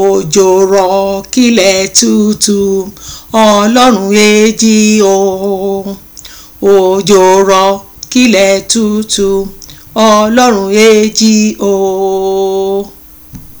òjò rọ̀ kílẹ̀ tutù ọlọ́run èjì o òjò rọ̀ kílẹ̀ tutù ọlọ́run èjì o.